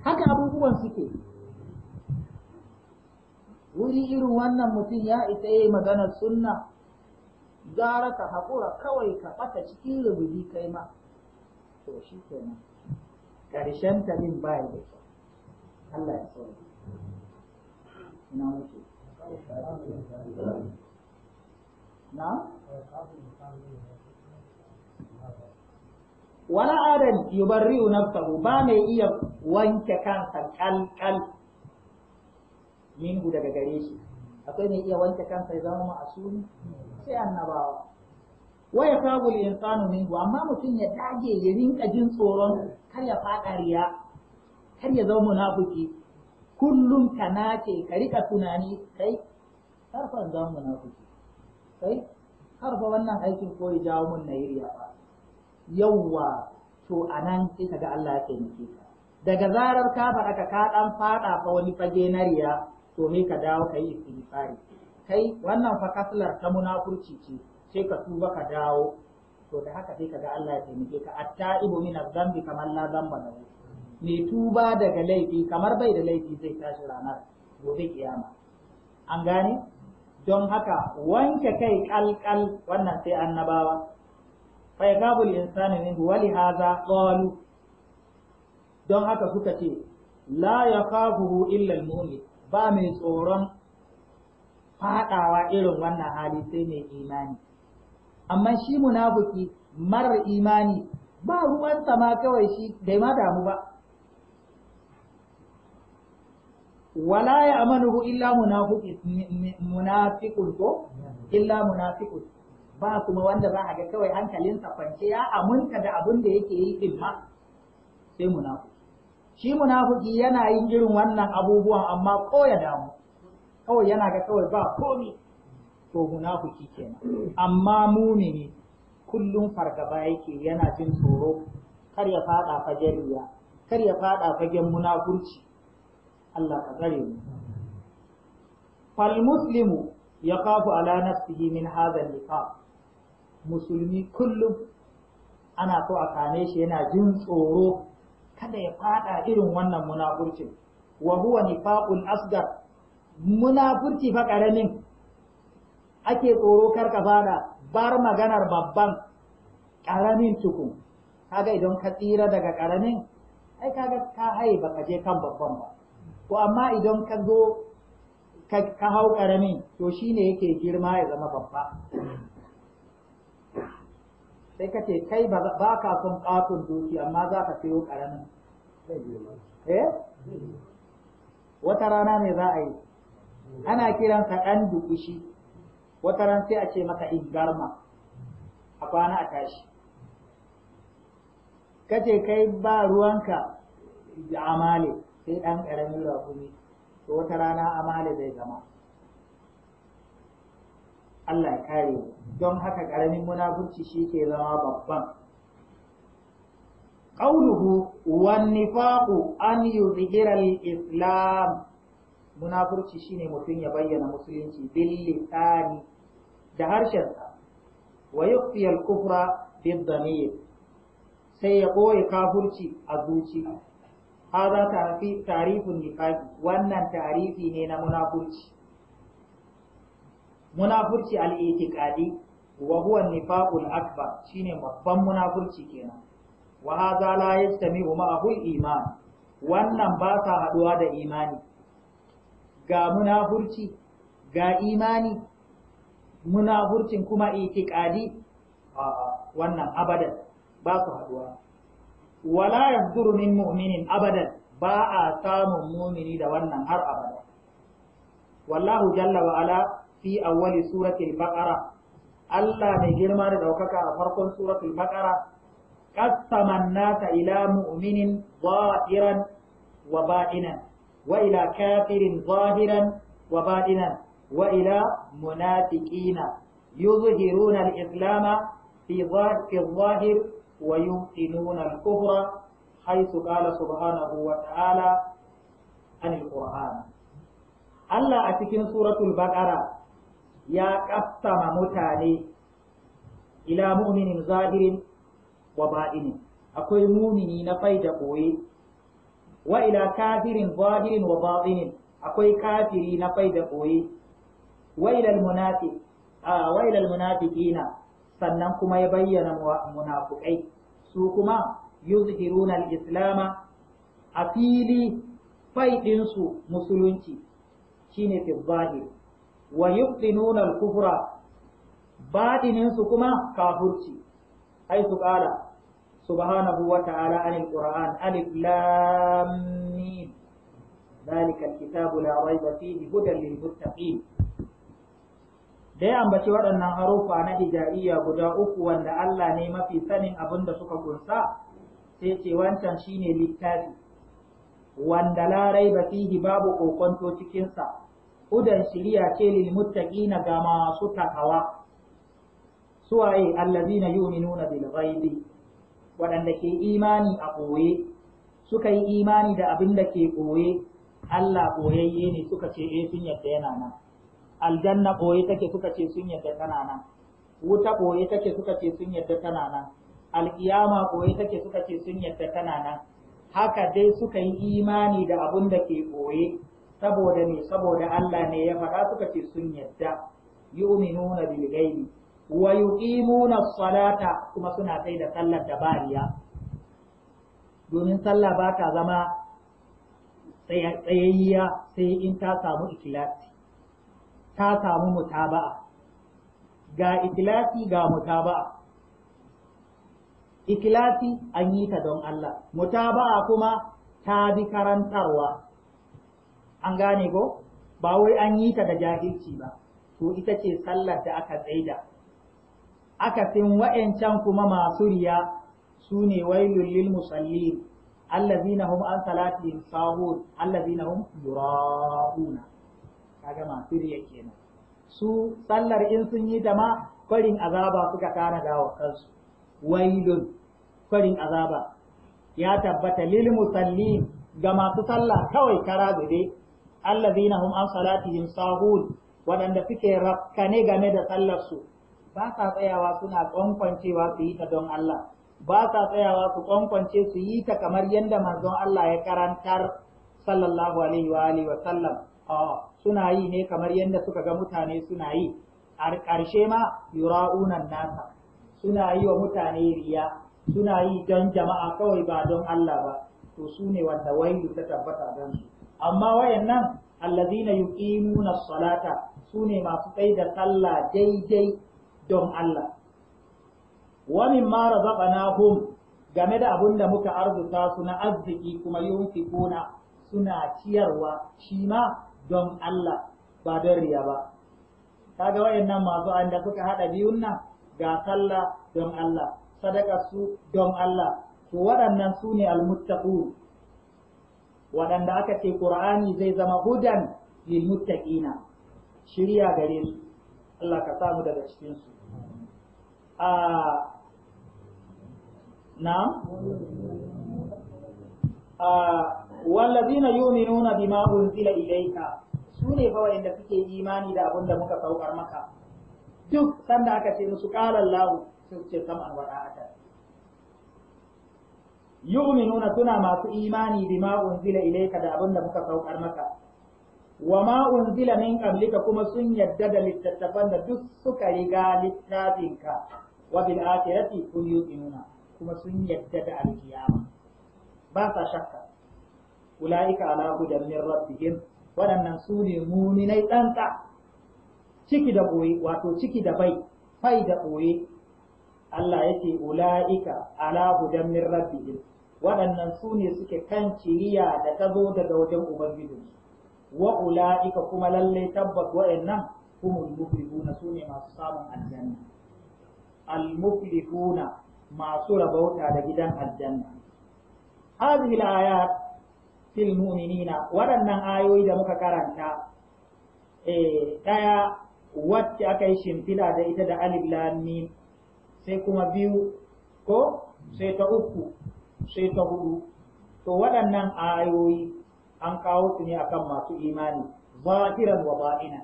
haka abubuwan suke wuri irin wannan mutum ya isa yi maganar sunna gara ka haƙura kawai ka fata cikin rubuɗi kai ma to shi kenan ƙarshen tamin min ba da kyau Allah ya sauri ina wuce na wala adam yubarri'u nafsahu ba mai iya wanke kansa kalkal mingu daga gare shi akwai mai iya wanke kansa ya zama ma'asumi sai annabawa wa ya sabu al-insanu minhu amma mutum ya dage ya rinka jin tsoron kar ya fada riya kar ya zama munafiki kullum ka nace ka rika tunani kai kar fa zama munafiki kai kar fa wannan aikin koyi ya jawo mun na riya ba yawwa to anan sai ga Allah ya taimake ka daga zarar ka faɗa ka ka dan fada fa wani fage na riya to me ka dawo kai istighfari kai wannan fa kaslar ta munafurci ce sai ka tuba ka dawo to da haka sai ka ga Allah ya taimake ka atta'ibu min zambi kamar la zamba lahu mai tuba daga laifi kamar bai da laifi zai tashi ranar gobe kiyama an gane don haka wanke kai kalkal wannan sai annabawa fa yakabul insani min wali hadha qalu don haka suka ce la yakhafuhu illa al-mu'min ba mai tsoron fadawa irin wannan hali sai mai imani amma shi munafiki marar imani ba ruwansa ma kawai shi bai ma damu ba wala ya amanuhu illa munafiqun ko illa munafiqun ba kuma wanda za a ga kawai hankalinsa kwance ya amunta da abin da yake yi din ma sai munafiki shi munafiki yana yin irin wannan abubuwan amma ko ya damu kawai yana ga kawai ba komi to munafuki kenan amma mumini kullum fargaba yake yana jin tsoro kar ya fada fagen riya kar ya fada fagen munafurci Allah ka tsare mu fal muslimu yaqafu ala nafsihi min hadha al musulmi kullum ana so a kane shi yana jin tsoro kada ya fada irin wannan munafurcin wa huwa nifaqul asgar munafurci fa karamin ake tsoro kar ka fada bar maganar babban ƙaramin tukun kaga idan ka tsira daga ƙaramin ai kaga ka haye baka ka je kan babban ba ko amma idan ka zo ka hau ƙaramin to shine yake girma ya zama babba sai ka ce kai ba ka son katon doki amma za ka sayo ƙaramin eh wata rana ne za a yi ana kiransa ɗan dukushi wata ran sai a ce maka izgarma a kwana a tashi kace kai ba ruwanka da amale sai ɗan ƙaramin rakumi to wata rana amale zai zama Allah ya kare don haka karamin munafurci shi ke zama babban قوله والنفاق أن يظهر الإسلام منافرتي شيني متين يبين مسلمتي باللسان da harshensa wa yukhfi al-kufra bid sai ya ɓoye kafurci a zuci hada ta'fi tarifin nifaki, wannan tarifi ne na munafurci munafurci al-i'tiqadi wa huwa nifaqul akbar shine babban munafurci kenan wa hadha la ma ma'ahu al-iman wannan ba sa haduwa da imani ga munafurci ga imani munafurcin kuma itiqadi wannan abadan ba su haduwa wala yazduru min mu'minin abadan ba a samun mumini da wannan har abada wallahu jalla wa ala fi awwali suratul baqara Allah mai girma da daukaka a farkon suratul baqara qassama an ila mu'minin zahiran wa ba'inan wa ila kafirin zahiran wa ba'inan وإلى منافقين يظهرون الإسلام في الظاهر ويبطنون الكفر حيث قال سبحانه وتعالى عن القرآن Allah a cikin suratul baƙara ya ƙassama mutane ila mu'minin zahirin wa ba'ini akwai mumini na fai da ɓoye wa ila kafirin zahirin wa ba'inin akwai kafiri na fai da ɓoye wailal munafiq a wailal sannan kuma ya bayyana munafukai su kuma yuzhiruna al-islama a fili faidinsu musulunci shine fi zahiri wa yubtinuna al kuma kafurci ai su kala subhanahu wa ta'ala anil qur'an alif lam mim ذلك الكتاب لا ريب فيه هدى للمتقين da ya ambaci waɗannan harufa na hija'iyya guda uku wanda Allah ne mafi sanin abin da suka kunsa sai ce wancan shine littafi wanda larai ba fihi babu kokonto cikinsa udan shiriya ce lil muttaqina ga masu takawa suwaye allazina yu'minuna bil ghaibi waɗanda ke imani a ɓoye suka yi imani da abin da ke ɓoye Allah ɓoyayye ne suka ce eh sun yadda yana nan aljanna ɓoye take suka ce sun yadda tana nan wuta ɓoye take suka ce sun yadda tana nan alƙiyama ɓoye take suka ce sun yadda tana nan haka dai suka yi imani da abun da ke ɓoye saboda ne saboda Allah ne ya faɗa suka ce sun yadda yu'minuna bil ghaibi wa yuqimuna as-salata kuma suna kai da sallar da bariya domin sallah ba ta zama tsayayya sai in ta samu ikhlas ta samu mutaba'a ga ikilasi ga mutaba'a ikilasi an yi ta don Allah mutaba'a kuma ta bi karantarwa an gane ko ba wai an yi ta da jahilci ba to ita ce sallar da aka tsaida akasin wa'ancan kuma masu riya su ne wailul lil musallin allazina hum an salatihim sahun allazina hum yura'una kaga masu riya kenan su sallar in sun yi dama kwarin azaba suka kara dawa kansu wailun kwarin azaba ya tabbata lil musallin ga masu sallah kawai kara zube allazina hum an salatihim sahun waɗanda suke rakkane game da sallar su ba sa tsayawa suna kwankwancewa su yi ta don Allah ba sa tsayawa su kwankwance su yi ta kamar yadda manzon Allah ya karantar sallallahu alaihi wa alihi wa sallam suna yi ne kamar yadda suka ga mutane suna yi a ƙarshe ma yura'unan nasa suna yi wa mutane riya suna yi don jama'a kawai ba don Allah ba to su ne wanda wailu ta tabbata don su amma wayannan allazina yuqimuna salata su ne masu tsai da sallah daidai don Allah wa mimma razaqnahum game da abin da muka arzuta su na arziki kuma yunfikuna suna ciyarwa shi ma don Allah ba don riya ba kaga wayannan masu an da suka haɗa biyun nan ga sallah don Allah sadaka su don Allah to waɗannan su ne almuttaqun waɗanda aka ce Qur'ani zai zama hudan lil muttaqina shirya gare su Allah ka samu daga cikinsu. a na wallazina yu'minuna bima unzila ilayka su ne fa wa'inda suke imani da abin da muka saukar maka duk sanda aka ce musu qala Allah su ce sam'an wa da'atan yu'minuna suna masu imani bima unzila ilayka da abin da muka saukar maka wa ma unzila min qablika kuma sun yadda da littattafan da duk suka riga littafinka wa bil akhirati kuma sun yadda da alkiyama ba sa ulaika ala hudan min rabbihim waɗannan su ne muminai tsantsa ciki da ɓoye wato ciki da bai fai da ɓoye Allah ya ce ula'ika ala hudan min rabbihim waɗannan su ne suke kan ciriya da ta zo daga wajen ubangijin wa ula'ika kuma lallai tabbas wa'annan humul muflihuna su ne masu samun aljanna al muflihuna masu rabauta da gidan aljanna hadhihi al-ayat fil mu'minina waɗannan ayoyi da muka karanta eh daya wacce aka yi shimfida da ita da alif lam mim sai kuma biyu ko sai ta uku sai ta hudu to waɗannan ayoyi an kawo su ne akan masu imani zahiran wa ba'ina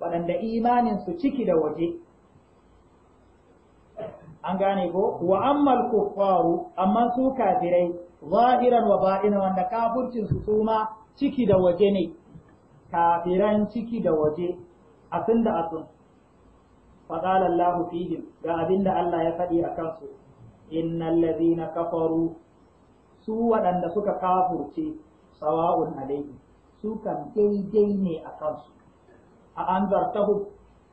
waɗanda imanin su ciki da waje an gane ko wa ammal kuffaru amma su kafirai zahiran wa ba'ina wanda kafircin su suma ciki da waje ne kafiran ciki da waje asin da asin faqala Allah fihim ga abinda Allah ya faɗi a kansu innal ladina kafaru su waɗanda suka kafurce sawa'un alaihim su kan daidai ne a kansu a an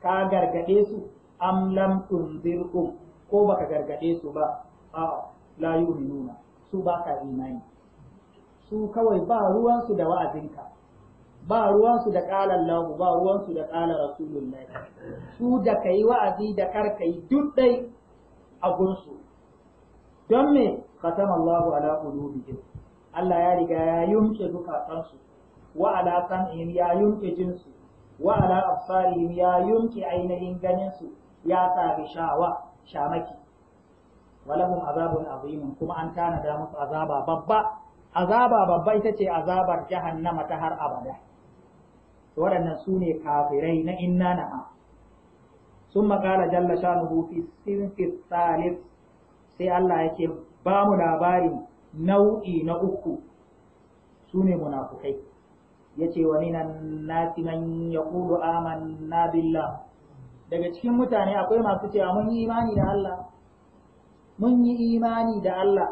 ka gargaɗe su am lam tunzirkum ko baka gargaɗe su ba a la nuna. su ba ka imani su kawai ba ruwansu da wa'azinka ba ruwansu da qala Allah ba ruwansu da qala Rasulullahi su da kai wa'azi da kar kai duk ɗai a gunsu don me khatama Allah ala qulubihim Allah ya riga ya yumke zukatansu wa ala sam'ihim ya yumke jinsu wa ala absarihim ya yumke ainihin ganinsu ya sa shawa shamaki walahum azabun azim kuma an tanada musu azaba babba azaba babba ita ce azabar jahannama ta har abada to waɗannan su ne kafirai na inna na'a sun makala jalla shanuhu fi sinfi salif sai Allah yake ba mu labarin nau'i na uku su ne munafukai yace wani nan nasi man yaqulu amanna billah daga cikin mutane akwai masu cewa mun yi imani da Allah mun yi imani da Allah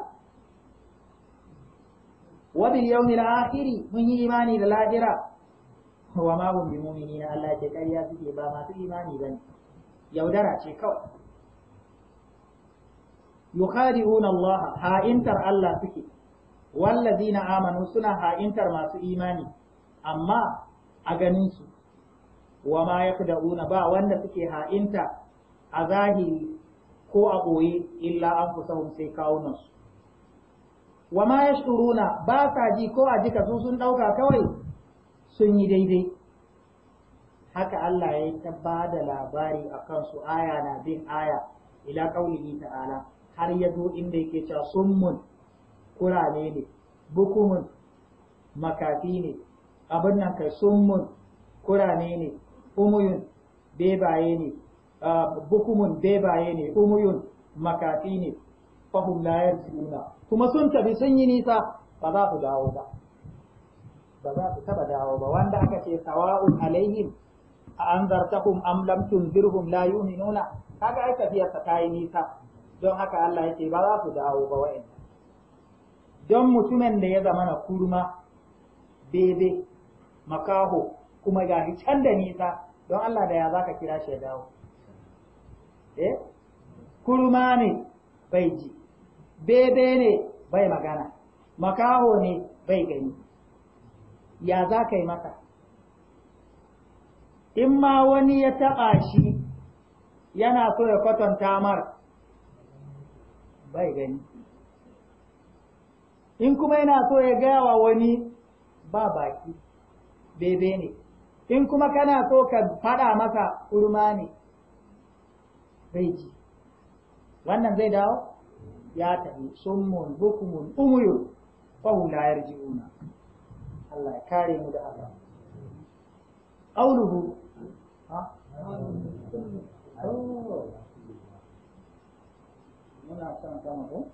wa bil yawmil akhir mun yi imani da lahira wa ma hum bi mu'minina Allah ke ƙarya suke ba masu imani bane yaudara ce kawai yukhadi'una Allah ha'intar Allah suke wallazina amanu suna ha'intar masu imani amma a ganin su wa ma da'una, ba wanda suke ha'inta a zahiri ko a ɓoye illa an anfusahum sai kawunan su wa ma ya shuruna ba sa ji ko a jika su sun ɗauka kawai sun yi daidai haka Allah ya yi ta ba da labari a kansu aya na bin aya ila ƙaunihi ta'ala har ya zo inda yake cewa mun kura ne bukumun makafi ne abin nan kai sun kura ne ne umuyun bebaye ne bukumun bebaye ne umuyun makafi ne fahim layar juna kuma sun tafi sun yi nisa ba za su dawo ba ba za su taba dawo ba wanda aka ce sawa'un alaihim a an am lam tunzirhum la yu'minuna kaga ai tafiyar ta yi nisa don haka Allah yake ba za su dawo ba wa'in don mutumin da ya zama na kurma bebe makaho kuma ga can da nisa don Allah da ya za ka kira shi ya dawo eh kurma ne bai ji bebe ne bai magana makaho ne bai gani ya za ka yi masa in ma wani ya taɓa shi yana so ya kwatanta mar bai gani in kuma yana so ya gaya wani ba baki bebe ne in kuma kana so ka faɗa masa kurma ne zai ji wannan zai dawo ya tafi summun bukumun umuyu fa la yarji'una Allah ya kare mu da azab qauluhu ha muna san kama ko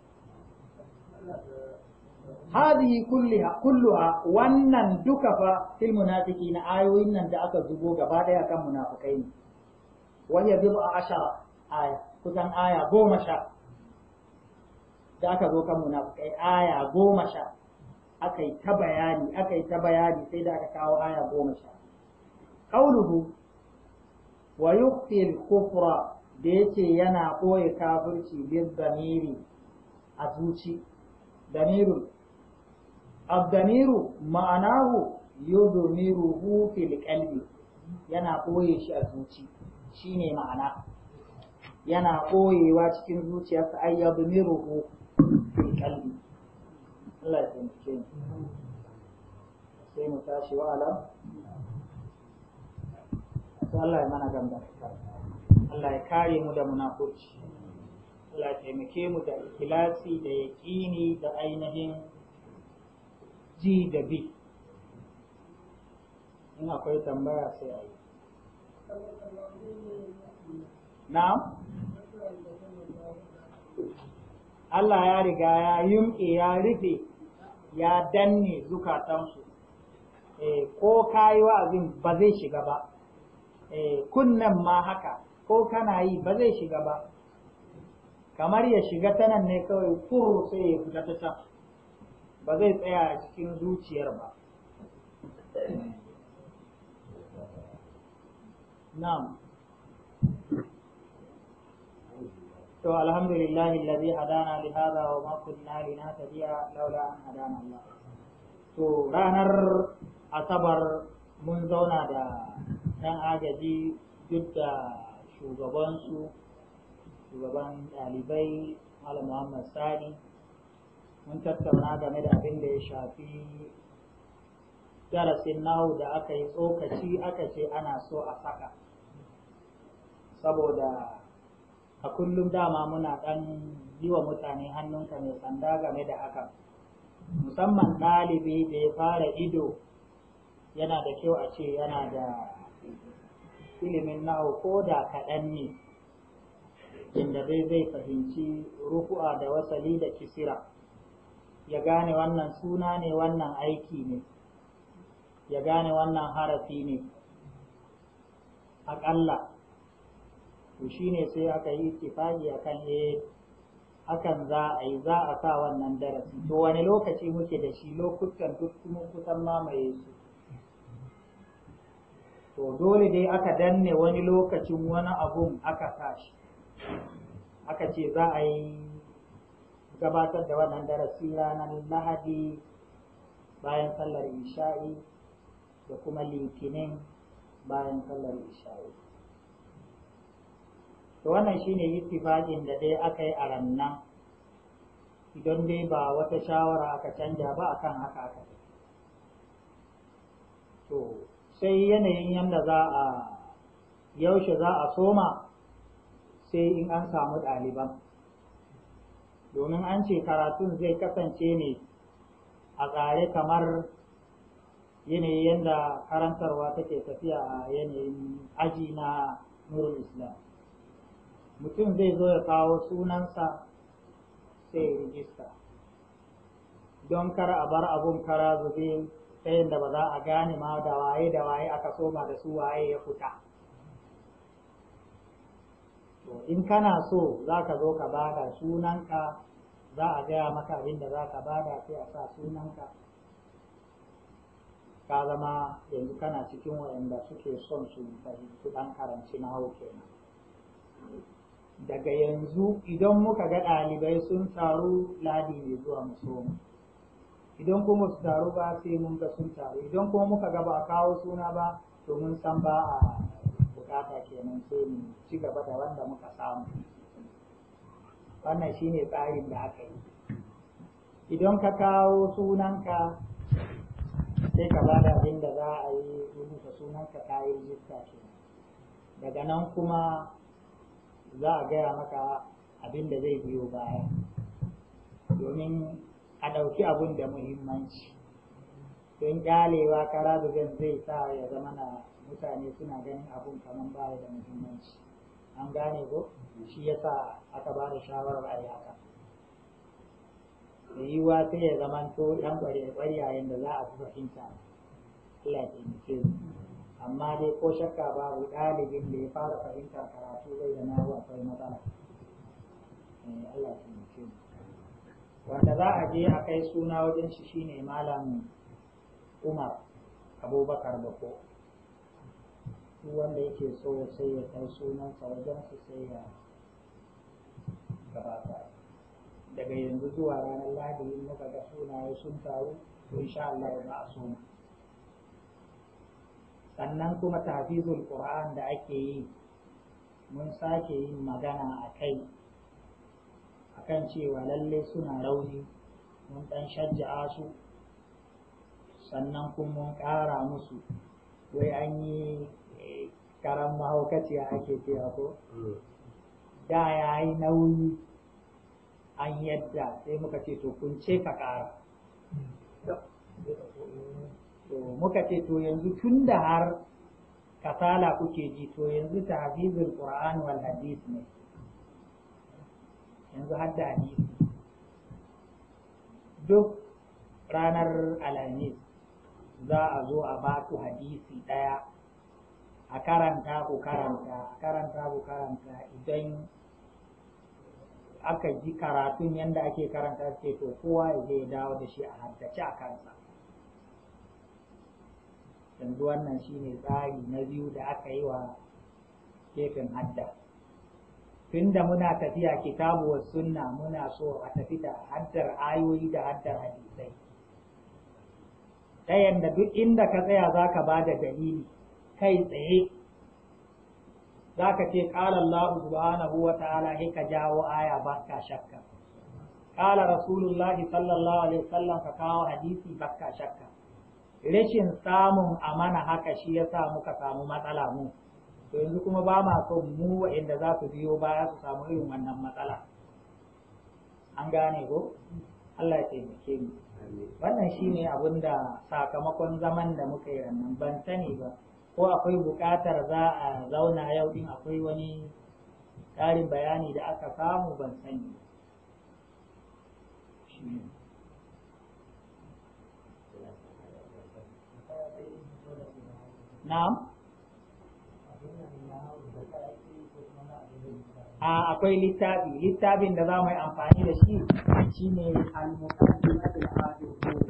hadhihi kulliha kulluha wannan duka fa fil munafiqina ayoyin nan da aka zubo gaba daya kan munafikai ne wani ya zuba ashara aya kusan aya goma sha da aka zo kan munafikai aya goma sha aka yi ta bayani aka yi ta bayani sai da aka kawo aya goma sha qauluhu wa yukhfi kufra da yace yana koyi kafirci bil zamiri a damirun abdamiru ma'anahu yudmiruhu fil qalbi yana koye shi a zuci shine ma'ana yana koyewa cikin ayyabu ay yudmiruhu fil qalbi Allah ya mu Allah ya kare mu da munafurci Allah taimake mu da ikhlasi da yaƙini da ainihin ji da bi in akwai tambaya sai a yi na'am Allah ya riga ya yimke ya rufe ya danne zukatansu eh, ko kayi wa'azin ba zai shiga ba eh, kunnen ma haka ko kana yi ba zai shiga ba kamar ya shiga ta nan ne kawai furu sai ya fita ta can ba zai tsaya a cikin zuciyar ba na'am to alhamdulillahi alladhi hadana li hadha wa ma kunna linahtadiya laula an hadana Allah to ranar asabar mun zauna da ɗan agaji duk da shugabansu shugaban ɗalibai malam muhammad sani mun tattauna game da abin da ya shafi darasin nahu da aka yi tsokaci aka ce ana so a saka saboda a kullum dama muna ɗan yi wa mutane hannunka mai sanda game da hakan musamman ɗalibi da ya fara ido yana da kyau a ce yana da ilimin nahu ko da kaɗan ne inda dai zai fahimci ruku'a da wasali da kisira ya gane wannan suna ne wannan aiki ne ya gane wannan harafi ne aƙalla to shine sai aka yi a akan eh hakan za a yi za a sa wannan darasi to wani lokaci muke da shi lokutan duk kuma kusan mamaye su to dole dai aka danne wani lokacin wani abun aka sa shi aka ce za a yi gabatar da wannan darasi ranar lahadi bayan sallar isha'i da kuma litinin bayan sallar isha'i to wannan shine ittifaqin da dai aka yi a rannan idan dai ba wata shawara aka canja ba akan haka aka to sai yanayin yadda za a yaushe za a soma sai in an samu ɗaliban domin an ce karatun zai kasance ne a tsare kamar yanayin yadda karantarwa take tafiya a yanayin aji na nurul islam mutum zai zo ya kawo sunansa sai rijista don kar a bar abun kara zube ta yadda ba za a gane ma da waye da waye aka soma da su waye ya fita to in kana so za ka zo ka bada sunanka za a gaya maka abin da za ka bada sai a sa sunanka ka zama yanzu kana cikin wayanda suke son su fahimci dan karanci na hau kenan daga yanzu idan muka ga ɗalibai sun taru ladi ne zuwa mu idan kuma su taru ba sai mun ga sun taru idan kuma muka ga ba kawo suna ba to mun san ba a bukata kenan sai mu ci gaba da wanda muka samu wannan shine tsarin da aka yi idan ka kawo sunanka sai ka bada da abin da za a yi rubuta sunanka ka yi rijista ke daga nan kuma za a gaya maka abin da zai biyo baya domin a ɗauki abin da muhimmanci don ƙyalewa kara zai sa ya zama na mutane suna ganin abun kaman baya da muhimmanci an gane ko shi yasa aka ba da shawarar a yi haka da yiwuwa sai ya zamanto yan ƙwaryayen da za a fi fahimta amma dai ko shakka babu ɗalibin da ya fara fahimta karatu zai na ruwa akwai matsala eh, wanda za a je a kai suna wajen shi shine malam Umar Abubakar Bako duk wanda yake so sai ya kai sunansa wajen su sai ya gabata daga yanzu zuwa ranar lahadi in muka ga sunaye sun taru to insha Allah za a suna. sannan kuma tafizul qur'an da ake yi mun sake yin magana a kai akan cewa lalle suna rauni mun dan shajja'a su sannan kuma mun ƙara musu wai an yi karan mahaukaciya ake cewa ko hmm. da ya yi nauyi an yadda sai muka ce to kun ce ka kara to muka ce to yanzu tun da har kasala kuke ji to yanzu ta hafizul qur'an wal hadis ne yanzu har da hadisi duk ranar alhamis za a zo a batu hadisi ɗaya a karanta ku karanta a karanta ku karanta idan aka ji karatun yadda ake karanta ce to kowa ya je dawo da shi a haddace a kansa yanzu wannan shi ne tsari na biyu da aka yi wa kefin hadda tunda muna tafiya kitabu wa sunna muna so a tafi da haddar ayoyi da haddar hadisai ta yadda duk inda ka tsaya za ka ba da dalili kai tsaye za ka ce ƙala Allah subhanahu wa ta'ala sai ka jawo aya ba ka shakka ƙala Rasulullah sallallahu alaihi wasallam ka kawo hadisi ba ka shakka rashin samun amana haka shi ya sa muka samu matsala mu to yanzu kuma ba ma son mu inda za su biyo baya su samu irin wannan matsala an gane ko Allah ya taimake mu wannan shine abin da sakamakon zaman da muka yi rannan ban sani ba ko akwai buƙatar za a zauna yau din akwai wani ƙarin bayani da aka samu ban sani na'am a akwai littafi littafin da za mu yi amfani da shi shine al-muqaddimatul